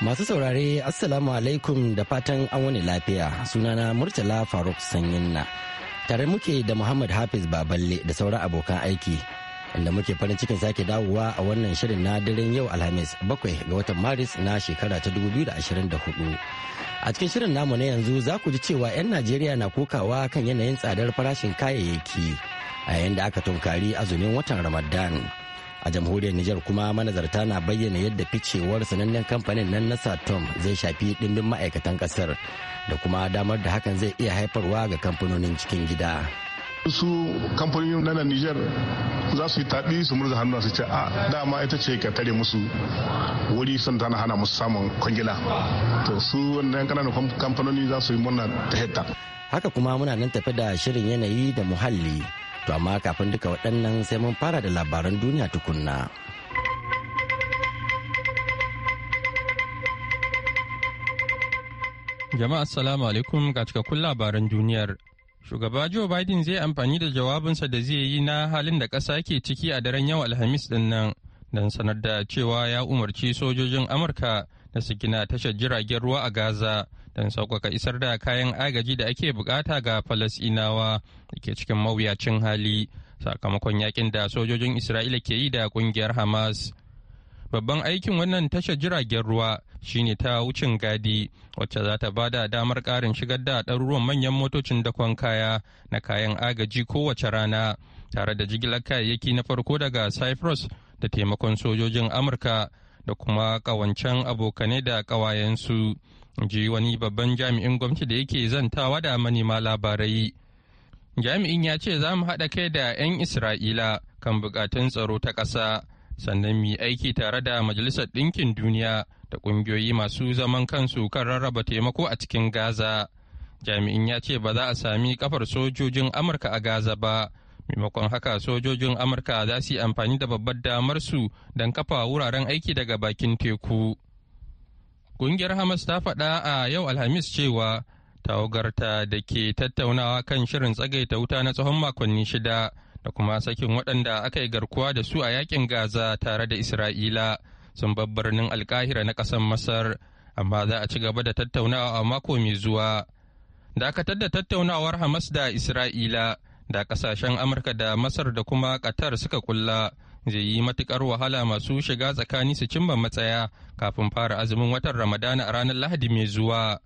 Masu saurare Assalamu alaikum da fatan an wani lafiya sunana Murtala Faruk Sanyinna. Tare muke da Muhammad Hafiz Baballe da sauran abokan aiki inda muke farin cikin sake dawowa a wannan shirin na daren yau Alhamis bakwai ga watan Maris na shekara ta 2024. A cikin shirin namu na yanzu za ku ji cewa 'yan Najeriya na kokawa kan yanayin tsadar farashin kayayyaki a yayin da aka tunkari azumin watan Ramadan. a jamhuriyar Nijar kuma manazarta na bayyana yadda ficewar sanannen kamfanin nan na Satom zai shafi dimbin ma'aikatan kasar da kuma damar da hakan zai iya haifarwa ga kamfanonin cikin gida. su kamfanin na Nijar za su yi taɓi su murza hannu su ce a dama ita ce ka tare musu wuri sun tana hana musu samun kwangila to su wannan kananan kamfanoni za su yi murna ta hetta haka kuma muna nan tafi da shirin yanayi da muhalli To amma kafin duka waɗannan sai mun fara da labaran duniya tukunna. Jama'a assalamu alaikum ga cikakkun labaran duniyar. Shugaba Joe Biden zai amfani da jawabinsa da zai yi na halin da ƙasa ke ciki a daren yau Alhamis ɗin nan don sanar da cewa ya umarci sojojin Amurka da su gina tashar jiragen ruwa a Gaza don sauƙaƙa isar da kayan agaji da ake bukata ga falasinawa da ke cikin mawuyacin hali sakamakon yakin da sojojin isra'ila ke yi da ƙungiyar hamas babban aikin wannan tashar jiragen ruwa shine ta wucin gadi wacce za ta bada damar ƙarin shigar da ɗaruruwan manyan motocin dakon kaya na kayan agaji kowace rana tare da jigilar kayayyaki na farko daga cyprus da taimakon sojojin amurka da kuma ƙawancen abokanai da ƙawayensu ji wani babban jami'in gwamnati da yake zantawa da manema labarai jami'in ya ce za mu haɗa kai da 'yan isra'ila kan buƙatun tsaro ta ƙasa sannan mu aiki tare da majalisar ɗinkin duniya da ƙungiyoyi masu zaman kansu kan rarraba taimako a cikin gaza jami'in ya ce ba za a sami kafar sojojin amurka a gaza ba maimakon haka sojojin amurka za su yi amfani da babbar damar su don kafa wuraren aiki daga bakin teku Ƙungiyar Hamas ta faɗa a yau Alhamis cewa tawagarta da ke tattaunawa kan shirin tsagaita wuta na tsawon makonni shida da kuma sakin waɗanda aka yi garkuwa da su a yakin Gaza tare da Isra'ila sun babbarnin alkahira na ƙasar Masar, amma za a ci gaba da tattaunawa a mako mai zuwa. Dakatar da tattaunawar Hamas da Isra'ila da ƙasashen Amurka da Masar da kuma Qatar suka kulla. zai yi matukar wahala masu shiga tsakani su cimma matsaya kafin fara azumin watan ramadana a ranar lahadi mai zuwa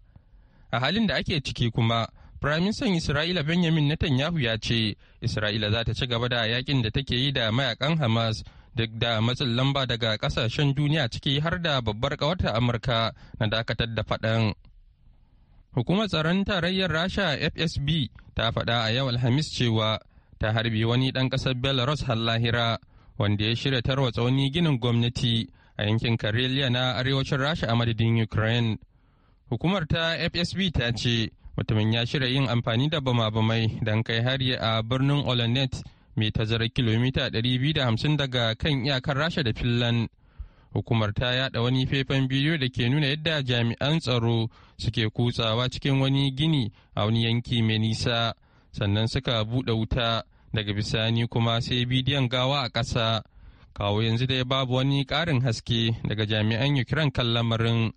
a halin da ake ciki kuma firaministan isra'ila benjamin netanyahu ya ce isra'ila za ta ci gaba da yakin da take yi da mayakan hamas duk da matsin lamba daga kasashen duniya ciki har da babbar kawarta amurka na dakatar da faɗan hukumar tsaron tarayyar rasha fsb ta faɗa a yau alhamis cewa ta harbi wani ɗan ƙasar belarus har lahira wanda ya shirya tarwa wani ginin gwamnati a yankin karelia na arewacin rasha a madadin ukraine hukumar ta fsb ta ce mutumin ya shirya yin amfani da bama-bamai don kai hari a birnin olenet mai tazarar kilomita 250 daga kan iyakar rasha da finland hukumar ta yada wani faifan bidiyo da ke nuna yadda jami'an tsaro suke kutsawa cikin wani gini a wani yanki mai nisa sannan suka buɗe wuta daga bisani kuma sai bidiyon gawa a ƙasa kawo yanzu dai babu wani ƙarin haske daga jami'an ukraine kan lamarin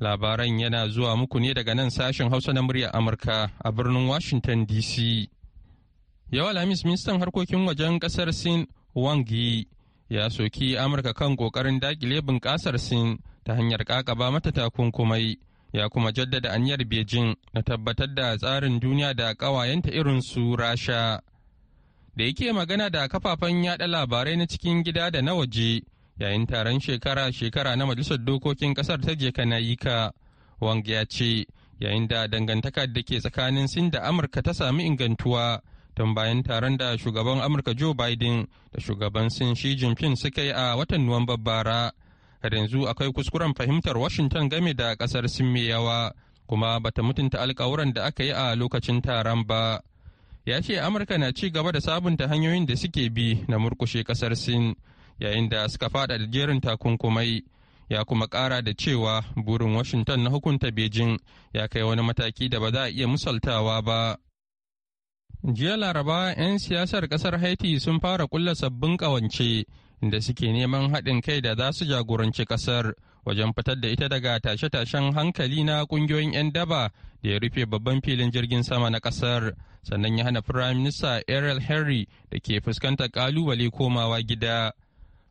labaran yana zuwa muku ne daga nan sashen hausa na murya amurka a birnin washington dc yau alhamis ministan harkokin wajen ƙasar sin wang yi ya soki amurka kan ƙoƙarin dakile bunƙasar sin ta hanyar ƙaƙaba mata takunkumai ya kuma jaddada aniyar beijing na tabbatar da tsarin duniya da ƙawayenta irin su rasha da yake magana da kafafen yada labarai na cikin gida da na waje yayin taron shekara-shekara na majalisar dokokin kasar ta je kanayika wang ya ce yayin da dangantaka da ke tsakanin sin da amurka ta sami ingantuwa tun bayan taron da shugaban amurka joe biden da shugaban sin shi jinping suka yi a watan nuwamban bara har yanzu akwai kuskuren fahimtar washington game da kasar sin mai yawa kuma bata mutunta alkawuran da aka yi a lokacin taron ba ya ce amurka na ci gaba da sabunta hanyoyin da suke bi na murkushe kasar sin yayin da suka fada da jerin takunkumai ya kuma kara da cewa burin washington na hukunta beijing ya kai wani mataki da ba za a iya musaltawa ba jiya laraba 'yan siyasar kasar haiti sun fara kulla sabbin kawance da suke neman haɗin kai da za su jagoranci kasar wajen fitar da ita daga tashe-tashen hankali na kungiyoyin 'yan daba da ya rufe babban filin jirgin sama na kasar sannan ya hana firaminista ariel henry da ke fuskantar kalubale komawa gida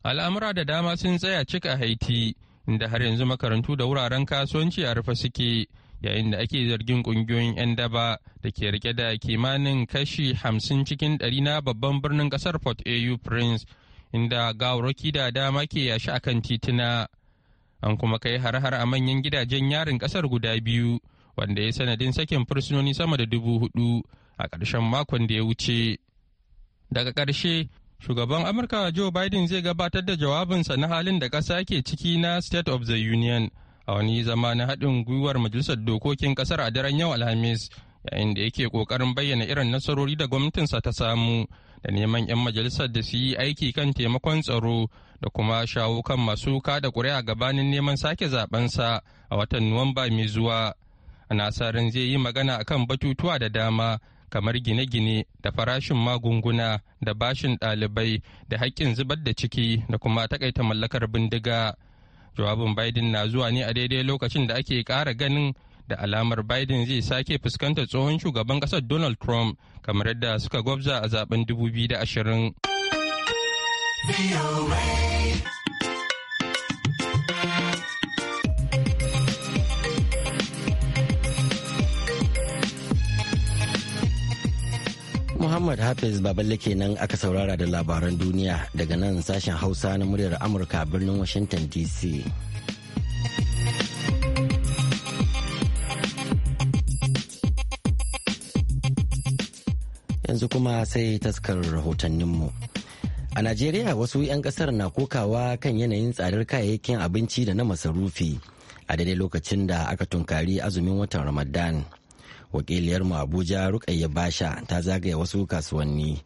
al'amura da dama sun tsaya cika a haiti inda har yanzu makarantu da wuraren kasuwanci a rufe suke yayin da ake zargin kungiyoyin 'yan daba da ke rike da kimanin kashi hamsin cikin ɗari na babban birnin kasar port au prince inda gawarwaki da dama ke yashi akan titina. tituna an kuma kai har-har a manyan gidajen yarin kasar guda biyu wanda ya sanadin sakin fursunoni sama da dubu hudu a ƙarshen makon da ya wuce daga ƙarshe shugaban amurka joe biden zai gabatar da jawabinsa na halin da ƙasa ke ciki na state of the union a wani zama na haɗin gwiwar majalisar dokokin ƙasar a daren yau alhamis yayin da yake kokarin bayyana irin nasarori da gwamnatinsa ta samu da neman 'yan majalisar da su yi aiki kan taimakon tsaro da kuma shawo kan masu kada kuri'a gabanin neman sake zabensa a watan nuwamba mai zuwa nasarin zai yi magana akan batutuwa da dama kamar gine-gine da farashin magunguna da bashin ɗalibai da haƙƙin zubar da ciki da kuma takaita mallakar bindiga jawabin biden na zuwa ne a daidai lokacin da ake kara ganin da alamar Biden zai sake fuskantar tsohon shugaban ƙasar Donald Trump kamar yadda suka gwabza a zaben 2020. Muhammad Hafiz Baballe kenan aka saurara da labaran duniya daga nan sashen Hausa na muryar Amurka birnin Washington DC. yanzu kuma sai taskar rahotanninmu. A Najeriya wasu 'yan ƙasar na kokawa kan yanayin tsadar kayayyakin abinci da na masarufi a daidai lokacin da aka tunkari azumin watan Ramadan. Wakiliyar mu Abuja Rukayya Basha ta zagaya wasu kasuwanni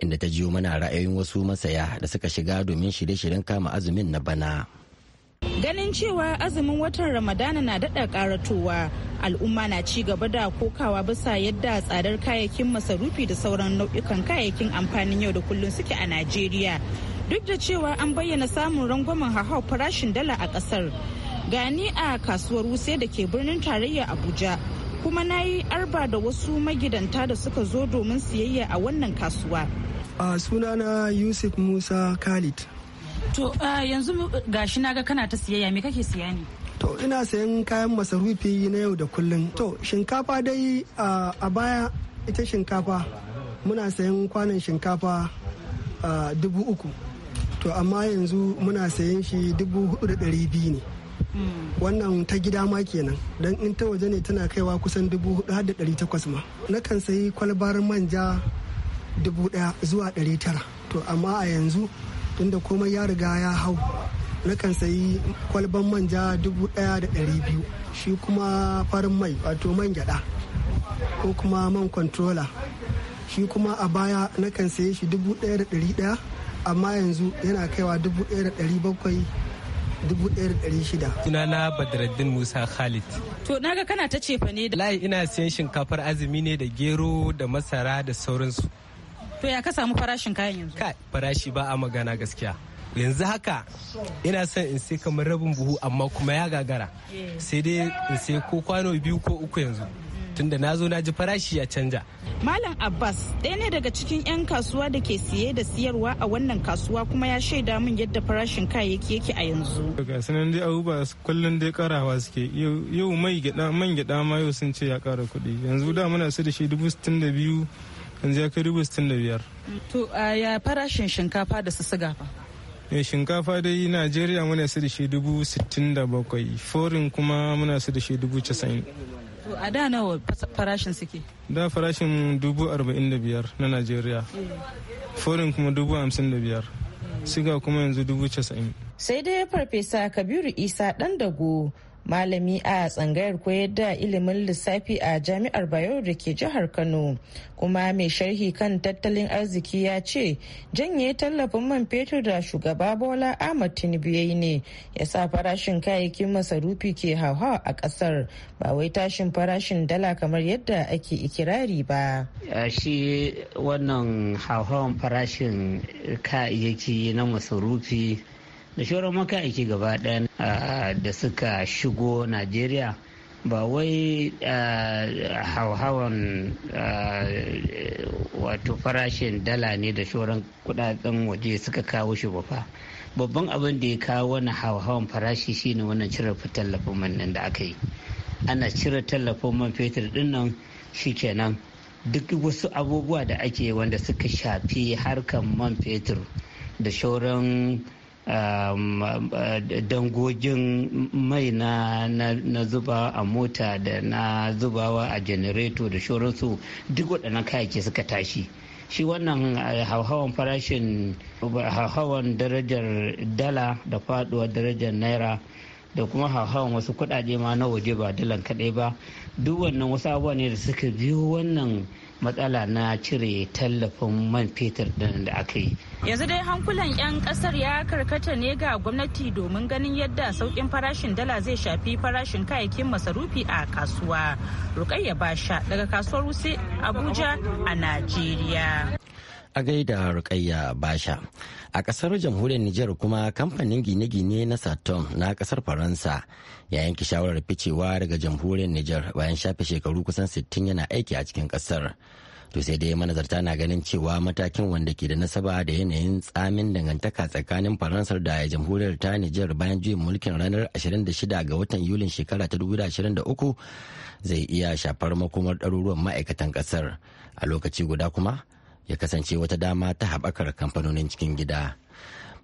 inda ta jiyo mana ra'ayoyin wasu masaya da suka shiga domin shirye-shiryen kama azumin na bana. ganin cewa azumin watan ramadana na daɗa ƙaratowa al'umma na ci gaba da kokawa bisa yadda tsadar kayayyakin masarufi da sauran nau'ikan kayayyakin amfanin yau da kullum suke a najeriya duk da cewa an bayyana samun rangwamen hahau farashin dala a ƙasar gani a kasuwar wuse da ke birnin tarayya abuja kuma na yi arba da wasu magidanta da suka zo domin siyayya a wannan kasuwa a sunana yusuf musa khalid To yanzu gashi naga kana ta siyayya me kake siya ne? To ina sayan kayan masarufi na yau da kullum. To shinkafa dai a baya ita shinkafa muna sayan kwanan shinkafa dubu uku. To amma yanzu muna sayan shi dubu hudu da dari biyu ne. Hmm. Wannan ta gida ma kenan don in ta waje ne tana kaiwa kusan dubu hudu har da dari takwas ma. Nakan sayi kwalbar manja dubu daya zuwa dari tara. To amma a yanzu tunda komai ya riga ya hau nakan sayi kwalban manja dubu daya da dari biyu shi kuma farin mai wato man gyada ko kuma man kwantrola shi kuma a baya nakan sayi shi dubu daya da dari daya amma yanzu yana kaiwa dubu daya da dari bakwai dubu daya da dari 1,600. Sunana Badaraddin Musa Khalid. To naga kana ta cefa ne da. Layi ina siyan shinkafar azumi ne da gero da masara da sauransu. to ya ka samu farashin kayan yanzu kai farashi ba a magana gaskiya yanzu haka ina son in sai kamar rabin buhu amma kuma ya gagara eh. sai dai in sai ko kwano biyu ko uku yanzu tunda na zo na ji farashi ya canja. Malam Abbas ɗaya ne daga cikin 'yan kasuwa da ke siye da siyarwa a wannan kasuwa kuma ya shaida min yadda farashin kayayyaki yake a yanzu. daga sanan dai abubuwa kullum dai karawa suke yau mai gida man gida ma yau sun ce ya kara kuɗi yanzu da muna su da shi dubu sittin biyu yanzu ya kai dubu sittin da biyar. to ya farashin shinkafa da su siga fa. Eh, shinkafa dai najeriya muna su da shi dubu sittin da bakwai forin kuma muna su da shi dubu casa'in. to a da nawa farashin suke. da farashin dubu arba'in da biyar na najeriya eh. forin kuma dubu hamsin da biyar siga kuma yanzu dubu casa'in. sai dai farfesa kabiru isa dan dago malami a tsangayar koyar da ilimin lissafi a jami'ar bayero da ke jihar kano kuma mai sharhi kan tattalin arziki ya ce janye tallafin man fetur da shugaba bola ahmad tinubu ya ne ya sa farashin kayayyakin masarufi ke hauhawa a kasar ba wai tashin farashin dala kamar yadda ake ikirari ba shi wannan hauhawan farashin kayayyaki na masarufi da shauran makaiki gaba ɗaya da suka shigo najeriya ba wai hauhawan wato farashin dala ne da shauran kudaden waje suka kawo shi ba fa babban abin da ya kawo wani hauhawan farashi shine wannan cire tallafin man nan da aka yi ana cire tallafin man fetur din nan kenan. duk wasu abubuwa da ake wanda suka shafi harkan man fetur da shauran Um, dangogin mai na, zuba a mota da na zubawa a janareto da shoransu duk waɗannan kayayyaki suka tashi shi wannan eh, hauhawan farashin hauhawan darajar dala da faduwar darajar naira da kuma hauhawan wasu kuɗaɗe ma na waje ba dalan kaɗai ba duk wannan wasu abubuwa ne da suka biyo wannan matsala na cire tallafin man fetur ɗin da aka yi yanzu dai hankulan 'yan kasar ya karkata ne ga gwamnati domin ganin yadda saukin farashin dala zai shafi farashin kayayyakin masarufi a kasuwa rukayya basha daga kasuwar wuse abuja a najeriya a gaida rukayya basha a kasar jamhuriyar niger kuma kamfanin gine-gine na saturn na kasar faransa ya yanke shawarar ficewa daga jamhuriyar Nijar bayan shafe shekaru kusan 60 yana aiki a cikin kasar. To sai dai manazarta na ganin cewa matakin wanda ke da nasaba da yanayin tsamin dangantaka tsakanin Faransar da jamhuriyar ta Nijar bayan juyin mulkin ranar 26 ga watan Yulin shekara ta 2023 zai iya shafar makomar ɗaruruwan ma'aikatan kasar. A lokaci guda kuma ya kasance wata dama ta haɓakar kamfanonin cikin gida.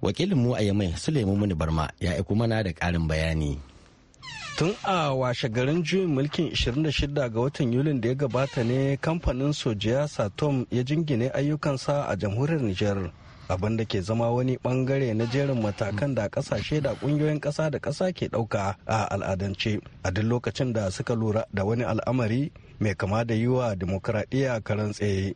Wakilinmu a Yamai Suleiman Muni Barma ya aiko mana da ƙarin bayani. tun a washe garin juyin mulkin 26 ga watan yulin da ya gabata ne kamfanin sojiya satom ya jingine ayyukansa a jamhuriyar Nijar abin da ke zama wani bangare na jerin matakan da kasashe da kungiyoyin kasa da kasa ke dauka a al'adance a duk lokacin da suka lura da wani al'amari mai kama da yiwa demokradiyya karan tsaye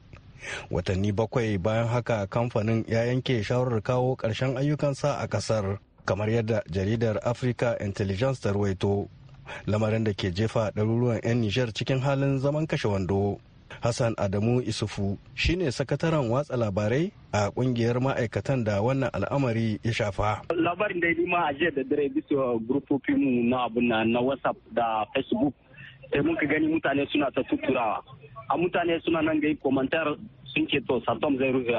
watanni bakwai bayan haka kamfanin ya yanke shawarar kawo ƙarshen ayyukansa a ƙasar kamar yadda jaridar Africa Intelligence ta ruwaito. Lamarin da ke jefa ɗaruruwan 'yan Nijar cikin halin zaman kashe wando. Hassan Adamu Isufu shine sakataren watsa labarai a kungiyar ma'aikatan da wannan al'amari ya shafa. Labarin da ma a jiya da dare bisa grupofinmu na abun na WhatsApp da Facebook sai mun ka gani mutane suna ta tuturawa. A mutane suna nan ga yi komantar sun ce to Satom zai rufe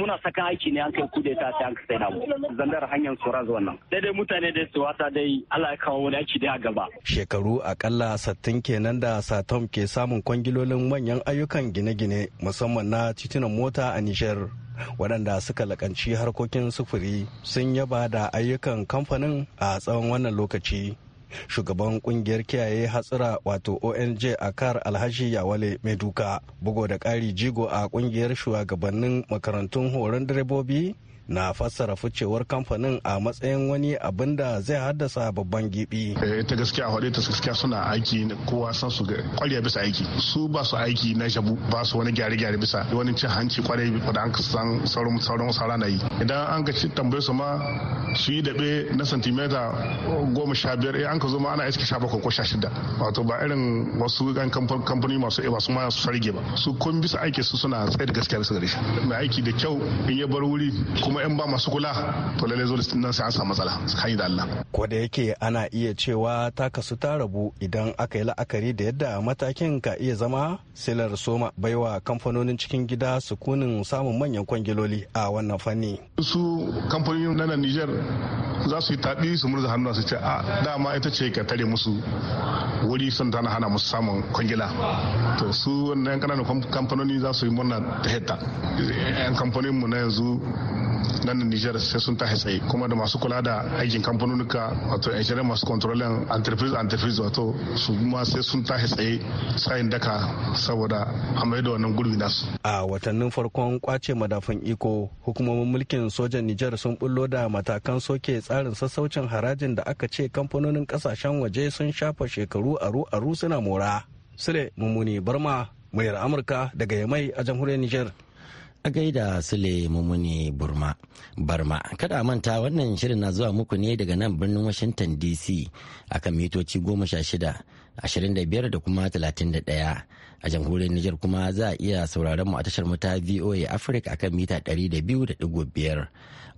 muna saka aiki ne an kai kude ta ta kai da Zan zandar hanyar nan wannan daidai mutane da su wata dai Allah ya kawo wani aiki da a gaba shekaru akalla sattin kenan da satom ke samun kwangilolin manyan ayyukan gine-gine musamman na titunan mota a Niger, waɗanda suka lakanci harkokin sufuri sun yaba da ayyukan kamfanin a tsawon wannan lokaci shugaban kungiyar kiyaye hatsira wato ONG Akar Alhaji Yawale mai duka bugo da ƙari jigo a kungiyar shugabannin makarantun horon direbobi na fassara ficewar kamfanin a matsayin wani abin da zai haddasa babban gibi. Eh, ta gaskiya haɗe ta gaskiya suna aiki kowa san su kwarya bisa aiki su ba su aiki na shabu ba su wani gyare-gyare bisa wani cin hanci kwarai da an san sauran sauran sauran na yi idan an ka tambaye su ma su yi daɓe na santimeta goma sha biyar eh, an ka zo ma ana iska sha bakwai ko sha shida wato ba irin wasu yan kamfani masu ba eh, su ma su farge ba su kun bisa aiki su suna tsaye da gaskiya bisa gare shi mai aiki da kyau in ya bar wuri kuma in ba masu kula to lalle zo nan sai an samu matsala tsakani da Allah ko da yake ana iya cewa ta kasu ta rabu idan aka yi la'akari da yadda matakin ka iya zama silar soma baiwa kamfanonin cikin gida sukunin samun manyan kwangiloli a wannan fanni su kamfanonin na Niger za su yi taɓi su murza hannu su ce a dama ita ce ka tare musu wuri sun tana hana musu samun kwangila to su wannan kananan kamfanoni za su yi murna ta hetta yan kamfanin mu na yanzu nan Nijar sai sun tashi tsaye kuma da masu kula da aikin kamfanonuka wato insurance masu controlling enterprise enterprise wato su ma sai sun tashi tsaye tsayin daka saboda a mai da wannan gurbi nasu. A watannin farkon kwace madafan iko hukumomin mulkin sojan Nijar sun bullo da matakan soke tsarin sassaucin harajin da aka ce kamfanonin kasashen waje sun shafa shekaru aru-aru suna mora. Sule Mummuni Barma, mayar Amurka daga Yamai a jamhuriyar Nijar. A gaida Sule Mumuni Burma, Barma, kada a manta wannan shirin na zuwa muku ne daga nan birnin Washington DC akan mitoci goma sha shida, ashirin da biyar da kuma talatin da ɗaya. A jamhuriyar Nijar kuma za a iya sauraron mu a tashar mu ta VOA Africa a kan mita ɗari da biyu da ɗigo biyar.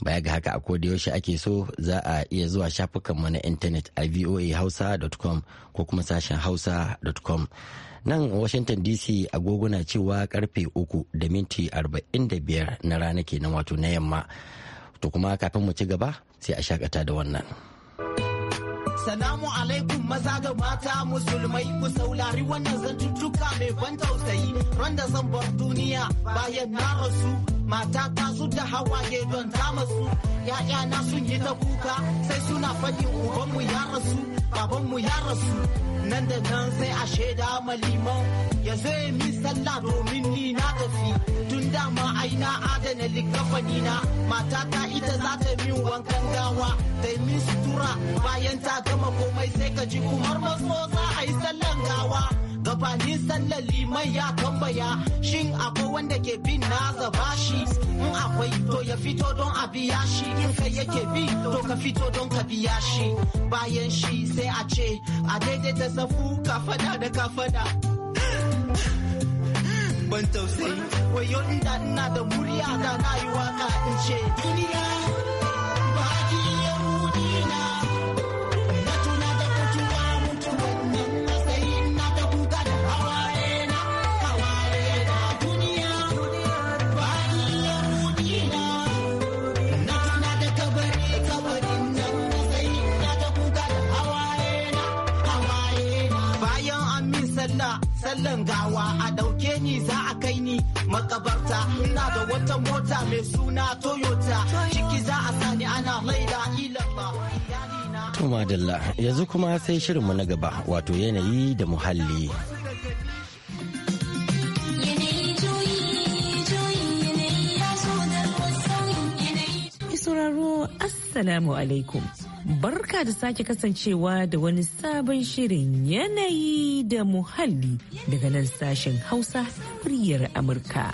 Baya ga haka a da yaushe ake so za a iya zuwa shafukan mu na intanet a voahausa.com ko kuma sashen hausa.com. nan washington dc na cewa karfe 3 da minti 45 na rana kenan wato na yamma to kuma kafin mu ci gaba sai a shakata da wannan Salamu alaikum maza ga mata musulmai ku saulari wannan zantuttuka mai ban tausayi ran da zan bar duniya bayan na rasu mata ta su da hawaye don ta masu ya'ya na sun yi ta kuka sai suna faɗi ubanmu ya rasu babanmu ya rasu nan da nan sai a shaida maliman ya zo ya mi sallah domin ni na tafi tun dama ai na adana likafani na mata ta ita za ta min wankan gawa ta yi min sutura bayan ta gama komai sai ka ji kumar maso za a yi sallan gawa gabani sallar liman ya tambaya shin akwai wanda ke bin na zaba shi in akwai to ya fito don a biya shi in kai yake bi to ka fito don ka biya shi bayan shi sai a ce a daidaita safu fada da fada ban tausayi wayo inda ina da murya da na yi waka in ce duniya mai suna toyota ciki za a sani ana laida ilalla to madalla yanzu kuma sai shirinmu na gaba wato yanayi da muhalli sauraro assalamu alaikum barka da sake kasancewa da wani sabon shirin yanayi da muhalli daga nan sashen hausa muryar amurka.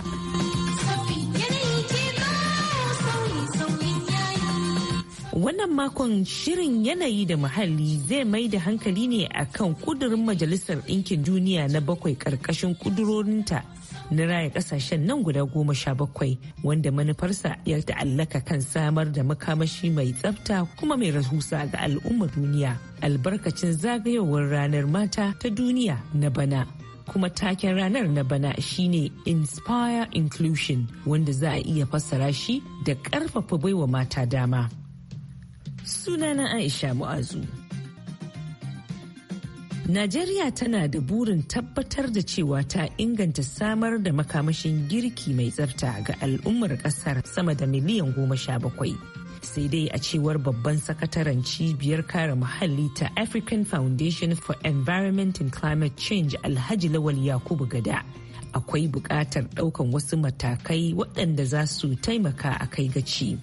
Wannan makon shirin yanayi da muhalli zai mai da hankali ne a kan kudurin Majalisar Ɗinkin Duniya na bakwai ƙarƙashin kudurorinta na raya ƙasashen nan guda goma sha bakwai wanda manufarsa ya ta'allaka kan samar da makamashi mai tsafta kuma mai rahusa ga al'ummar duniya albarkacin zagayowar ranar mata ta duniya na bana. kuma taken ranar na bana shine inspire inclusion wanda za a iya fassara shi da ƙarfafa baiwa mata dama Sunana Aisha Mu'azu. Najeriya tana da burin tabbatar da cewa ta inganta samar da makamashin girki mai tsafta ga al'ummar ƙasar sama da miliyan goma sha bakwai. Sai dai a cewar babban sakataren cibiyar kare muhalli ta African Foundation for Environment and Climate Change Alhaji Lawal Yakubu Gada. Akwai buƙatar ɗaukan wasu matakai waɗanda za su taimaka a kai gaci.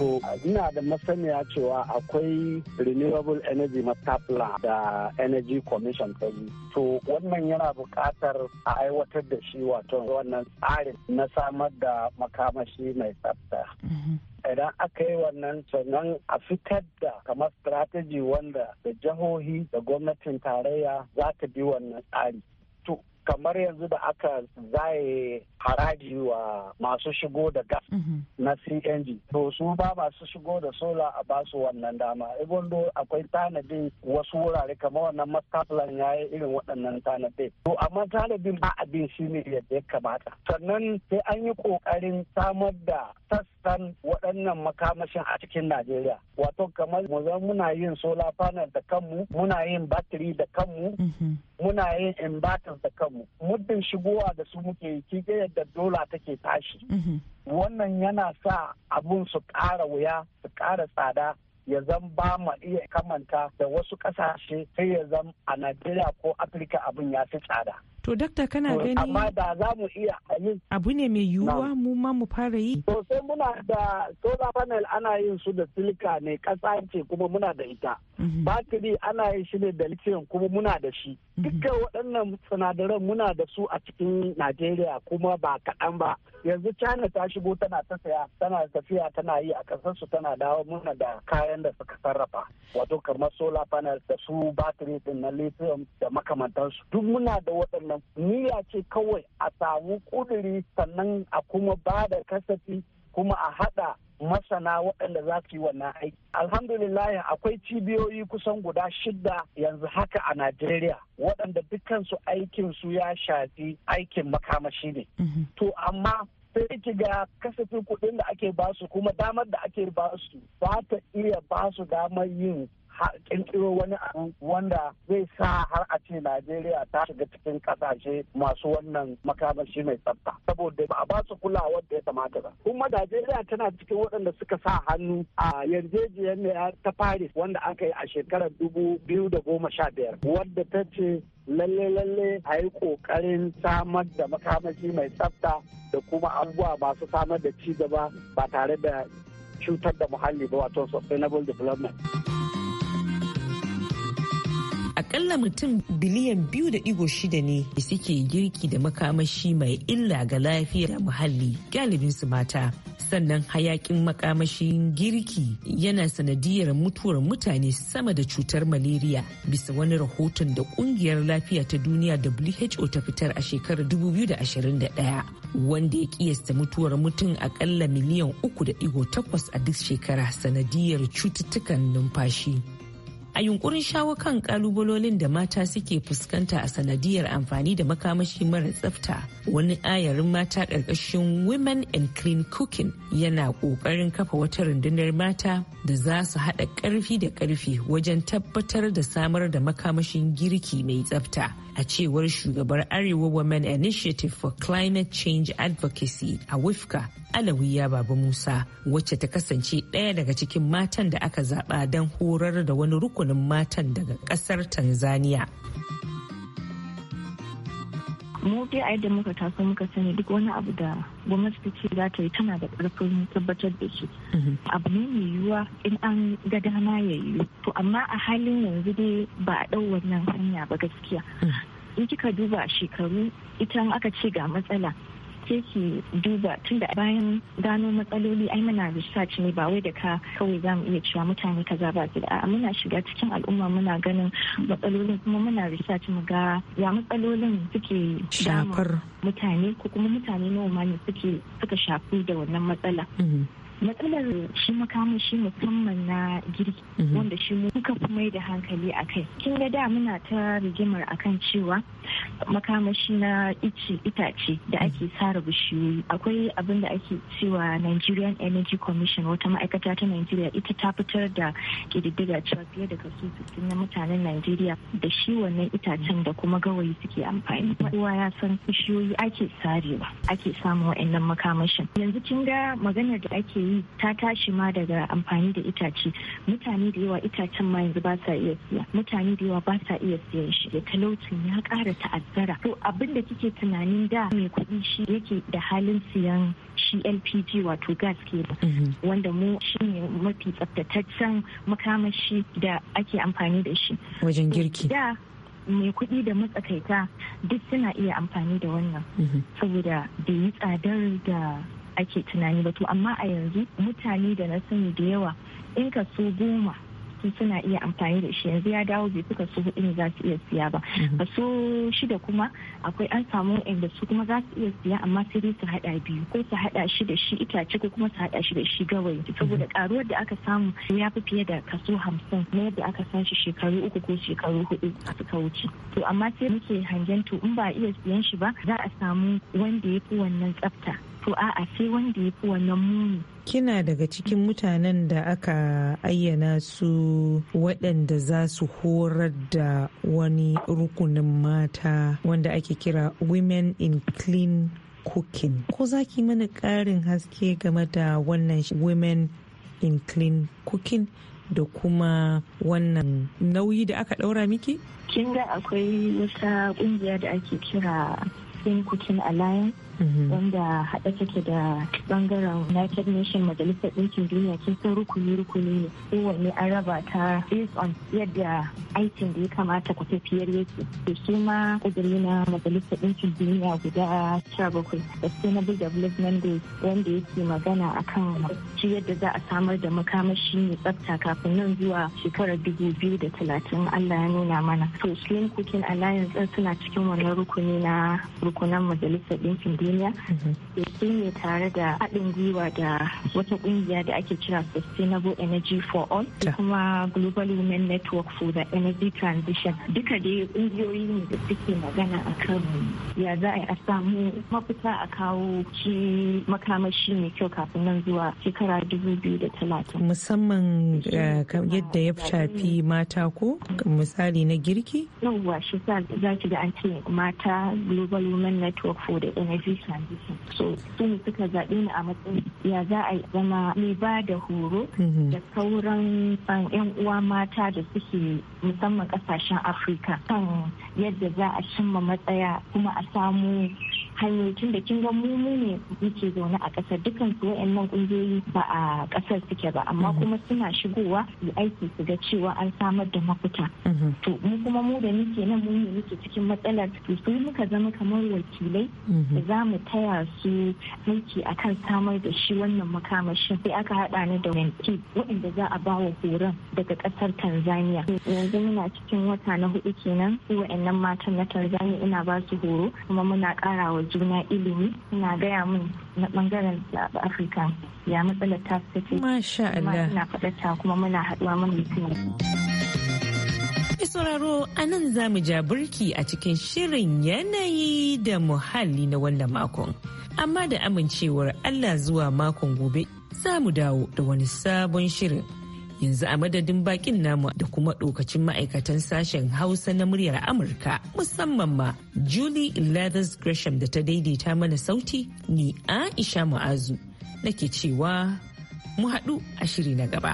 farko ina da masaniya cewa akwai renewable energy master plan da energy commission ta yi to wannan yana buƙatar a aiwatar da shi wato wannan tsarin na samar da makamashi mai tsafta mm-hmm. idan aka yi wannan sannan a fitar da kamar strategy wanda da jihohi da gwamnatin tarayya za ta bi wannan tsari to kamar yanzu da aka zaye haraji wa masu shigo da gas mhm. na cng to su ba masu shigo da sola a basu wannan dama do akwai tanadin wasu wurare kamar wannan maskaplan ya yi irin waɗannan tanadin to amma tanadin ba abin shi ne yadda ya kamata sannan sai an yi ƙoƙarin samar da sassa san waɗannan makamashin a cikin Najeriya. Wato kamar mu zan muna yin solar panel da kanmu, muna yin battery da kanmu, mhm. muna yin inverters da kanmu. Muddin shigowa da su muke kike yadda dola take tashi. Mhm. Wannan yana sa abun su ƙara wuya, su ƙara tsada, ya zan ba ma iya kamanta da wasu ƙasashe sai ya zan a Najeriya ko Afirka abin ya fi tsada. To dakta kana gani amma da za iya amin. Abu ne mai yiwuwa mu ma mu fara yi. To sai muna da solar panel ana yin su da silika ne kasa ce kuma muna da ita. Mhm. Batiri ana yin shi ne da lithium kuma muna da shi. Mhm. Dukkan waɗannan sinadaran muna da su a cikin Najeriya kuma ba kaɗan ba. Yanzu China ta shigo tana ta saya tana tafiya tana yi a ƙasar su tana dawo muna da kayan da suka sarrafa. Wato kamar sola panel da su batiri din na lithium da makamantansu. Duk muna da waɗannan nan niyya ce kawai a samu kuduri sannan a kuma ba da kasafi kuma a hada masana waɗanda za su yi wannan aiki. Alhamdulillah akwai cibiyoyi kusan guda shida yanzu haka a Najeriya waɗanda dukansu su ya shafi aikin makamashi ne. Mhm. To amma sai ki ga kasafin kuɗin da ake basu kuma damar da ake basu ba ta iya basu damar yin kirkiro wani abu wanda zai sa har a ce najeriya ta shiga cikin kasashe masu wannan makamashi mai tsafta saboda ba a ba su kulawar da ya kamata ba kuma najeriya tana cikin waɗanda suka sa hannu a yarjejeniyar ta paris wanda aka yi a shekarar dubu biyu da goma sha biyar wadda ta ce lalle-lalle a yi ƙoƙarin samar da makamashi mai tsafta da kuma abubuwa masu samar da ci gaba ba tare da cutar da muhalli ba wato sustainable development. akalla mutum biliyan biyu da digo shida ne da suke girki da makamashi mai illa ga lafiya muhalli galibin su mata sannan hayakin makamashin girki yana sanadiyar mutuwar mutane sama da cutar malaria bisa wani rahoton da kungiyar lafiya ta duniya who ta fitar a shekarar 2021 wanda ya kiyasta mutuwar mutum akalla miliyan uku 3.8 a duk shekara sanadiyar cututtukan numfashi a yunkurin shawo kan kalubalolin da mata suke fuskanta a sanadiyar amfani da makamashi mara tsafta wani ayarin mata ƙarƙashin women and clean cooking yana ƙoƙarin kafa wata rundunar mata da za su haɗa ƙarfi da ƙarfi wajen tabbatar da samar da makamashin girki mai tsafta a cewar shugabar Arewa Women Initiative for Climate Change Advocacy a wifka Alawiya Baba Musa wacce ta kasance ɗaya daga cikin matan da aka zaɓa don horar da wani rukunin matan daga ƙasar Tanzania. mu dai a yadda muka taso muka sani duk wani abu da gwamnati ta ce za ta yi tana da ƙarfin tabbatar da shi mhm. abu ne mai yiwuwa in an ga dama ya yiwu to amma a halin yanzu dai ba a ɗau wannan hanya ba gaskiya mm. in kika duba shekaru ita aka ce ga matsala ke ki duba tun da bayan gano matsaloli ai muna research ne ba wai da ka kawai za mu iya cewa mutane kaza ba su da muna shiga cikin al'umma muna ganin matsalolin kuma muna research mu ga ya matsalolin suke shafar mutane ko kuma mutane nawa ne suke suka shafi da wannan matsala mm-hmm. matsalar shi makamashi musamman na girki mhm. wanda shi muka fi mai da hankali a kai kin ga da muna ta rigimar akan cewa makamashi na ice itace da mhm. ake sara bishiyoyi akwai abin da ake cewa nigerian energy commission wata ma'aikata ta nigeria ita ta fitar da kididdiga cewa fiye da kaso sittin na mutanen nigeria da shi wannan itacen da kuma gawayi suke amfani kowa ya san bishiyoyi ake sarewa ake samun wa'annan makamashin yanzu kin ga maganar da ake yi yi ta tashi ma daga amfani da itace mutane da yawa itacen ma yanzu ba sa iya siya mutane da yawa ba sa iya siyan shi da talautin ya kara ta'azzara to abin da kike tunanin da mai kuɗi shi yake da halin siyan shi LPG wato gas ke kenan mhm. wanda mu shi ne mafi tsaftataccen makamashi da ake amfani da shi wajen girki da mai kuɗi da matsakaita duk suna iya amfani da wannan mhm. saboda bai yi tsadar da ake tunani ba to amma a yanzu mutane da na sani da yawa in ka so goma su suna iya amfani da shi yanzu ya dawo bai suka so hudu ne za su iya siya ba mhm. so shida kuma akwai an samu inda su kuma za su iya siya amma sai dai su hada biyu ko su hada shi da shi itace ko kuma su hada shi da shi gawayi mhm. saboda karuwar da aka samu ya fi fiye da kaso hamsin na yadda aka san shi shekaru uku ko shekaru hudu suka wuce to amma sai muke hangen to in ba iya siyan shi ba za a samu wanda ya fi wannan tsafta to a'a sai wanda ya fi wannan muni kina daga cikin mutanen da aka ayyana su waɗanda za su horar da wani rukunin mata wanda ake kira women in clean cooking ko za ki mana ƙarin haske game da wannan women in clean cooking da kuma wannan nauyi da aka ɗaura miki? kin ga akwai wata ƙungiya da ake kira clean cooking alliance Mm-hmm. wanda haɗa take da bangaren united nations majalisar ɗinkin duniya kin san rukuni rukuni ne kowanne an raba ta based on yadda aikin da ya kamata ku tafiyar yake to shi ma ƙudiri na majalisar ɗinkin duniya guda sha bakwai sustainable development Day wanda yake magana akan shi yadda za a samar da makamashi mai tsafta kafin nan zuwa shekarar dubu biyu da talatin allah ya nuna mana to slim cooking alliance suna cikin wannan rukuni na rukunan majalisar ɗinkin duniya duniya da su ne tare da haɗin gwiwa da wata ƙungiya da ake kira sustainable energy for all da kuma global women network for the energy transition duka dai ƙungiyoyi ne da suke magana kan ya za a samu mafita a kawo shi makamashi mai kyau kafin nan zuwa shekara dubu biyu da talatin. musamman eh, yadda ya shafi mata ko misali na girki yauwa shi za ki da an ce mata global women network for the energy transition so tun suka zaɓe ni a matsayin ya za a yi zama mai ba da horo mhm. da sauran yan um, uwa mata da suke musamman ƙasashen afirka kan yadda za a cimma matsaya kuma a samu Hanyar tun da kin ga mu mu ne muke zaune a ƙasar dukkan su wayannan ƙungiyoyi ba a ƙasar suke ba amma mhm. kuma suna shigowa yi aiki su ga cewa an samar da mafita mhm. to mu kuma mu da muke nan mu ne muke cikin matsalar to sai muka zama kamar wakilai mhm. da za mu taya su aiki akan samar da shi wannan makamashin sai aka haɗa ni da wanki waɗanda za a ba wa horon daga ƙasar tanzania yanzu muna cikin wata na hudu kenan su nan matan na tanzania ina ba su horo kuma muna ƙara wa juna ilimi na gaya min na bangaren afirka ya matsalar ta take masha Allah muna fadata kuma muna haɗuwa mana mutum sauraro a nan za mu ja burki a cikin shirin yanayi da muhalli na wannan makon amma da amincewar Allah zuwa makon gobe za mu dawo da wani sabon shirin yanzu a madadin bakin namu da kuma dokacin ma'aikatan sashen hausa na muryar amurka musamman ma julie leathers gresham da ta daidaita mana sauti ni aisha mu'azu nake cewa mu haɗu a shiri na gaba.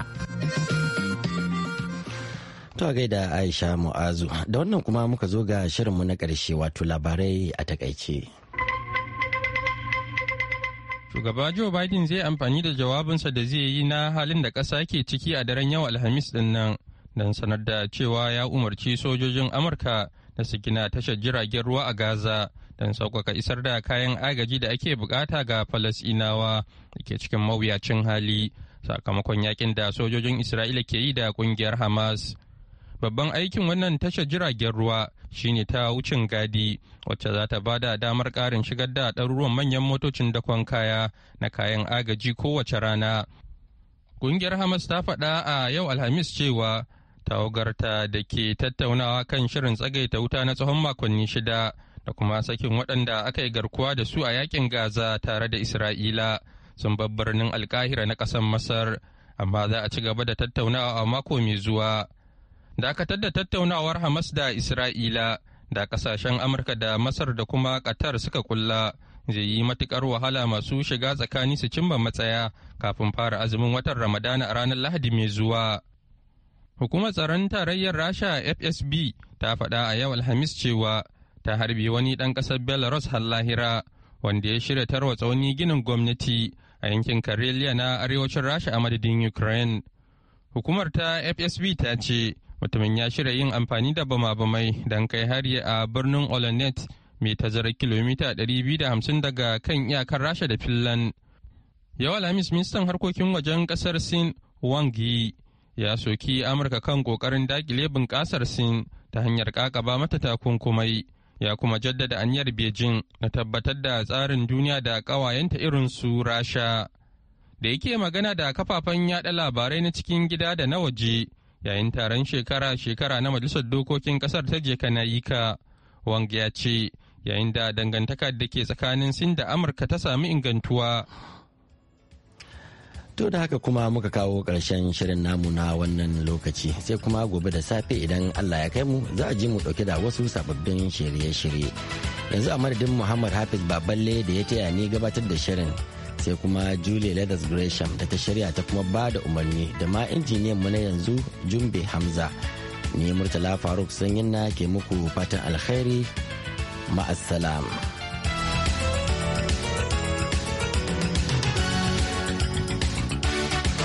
To gaida Aisha Mu'azu, da wannan kuma muka zo ga shirinmu na ƙarshe wato labarai a takaice. Shugaba Joe Biden zai amfani da jawabinsa da zai yi na halin da kasa ke ciki a daren yau Alhamis din nan don sanar da cewa ya umarci sojojin Amurka da su gina tashar jiragen ruwa a Gaza don sauƙaƙa isar da kayan agaji da ake bukata ga falasinawa da ke cikin mawuyacin hali sakamakon yakin da sojojin Isra'ila ke yi da ƙungiyar Hamas. babban aikin wannan tashar jiragen ruwa shine ta wucin gadi wacce za ta bada damar karin shigar da ɗaruruwan manyan motocin dakon kaya na kayan agaji kowace rana ƙungiyar hamas ta faɗa a yau alhamis cewa tawagarta da ke tattaunawa kan shirin tsagaita wuta na tsawon makonni shida da kuma sakin waɗanda aka yi garkuwa da su a yakin gaza tare da isra'ila sun bar birnin alkahira na ƙasar masar amma za a ci gaba da tattaunawa a mako mai zuwa dakatar da tattaunawar hamas da isra'ila da kasashen amurka da masar da kuma qatar suka kulla zai yi matukar wahala masu shiga tsakani su cimma matsaya kafin fara azumin watan ramadana a ranar lahadi mai zuwa hukumar tsaron tarayyar rasha fsb ta faɗa a yau alhamis cewa ta harbi wani ɗan ƙasar belarus lahira, wanda ya shirya tarwa tsaunin ginin gwamnati a yankin karelia na arewacin rasha a madadin ukraine hukumar ta fsb ta ce mutumin ya shirya yin amfani da bama-bamai don kai hari a birnin olenet mai tazarar kilomita 250 daga kan iyakar rasha da finland yau alhamis ministan harkokin wajen kasar sin wang yi ya soki amurka kan kokarin dakile bunƙasar sin ta hanyar kakaba mata takunkumai ya kuma jaddada aniyar beijing na tabbatar da tsarin duniya da kawayenta irin su rasha da yake magana da kafafen yada labarai na cikin gida da na waje yayin taron shekara-shekara na majalisar dokokin kasar ta jeka na ika wang ya ce yayin da dangantaka da ke tsakanin sin da amurka ta sami ingantuwa To da haka kuma muka kawo karshen shirin namu na wannan lokaci sai kuma gobe da safe idan Allah ya kai mu za a ji mu ɗauke da wasu sababbin shirye-shirye. Yanzu a madadin Muhammad Hafiz Baballe da ya taya ni gabatar da shirin sai kuma Julie Leathers Gresham da ta shirya ta kuma ba da umarni da ma injiniyan mu na yanzu Jumbe Hamza. ne Murtala Faruk Sanyin na ke muku fatan alkhairi ma'assalam.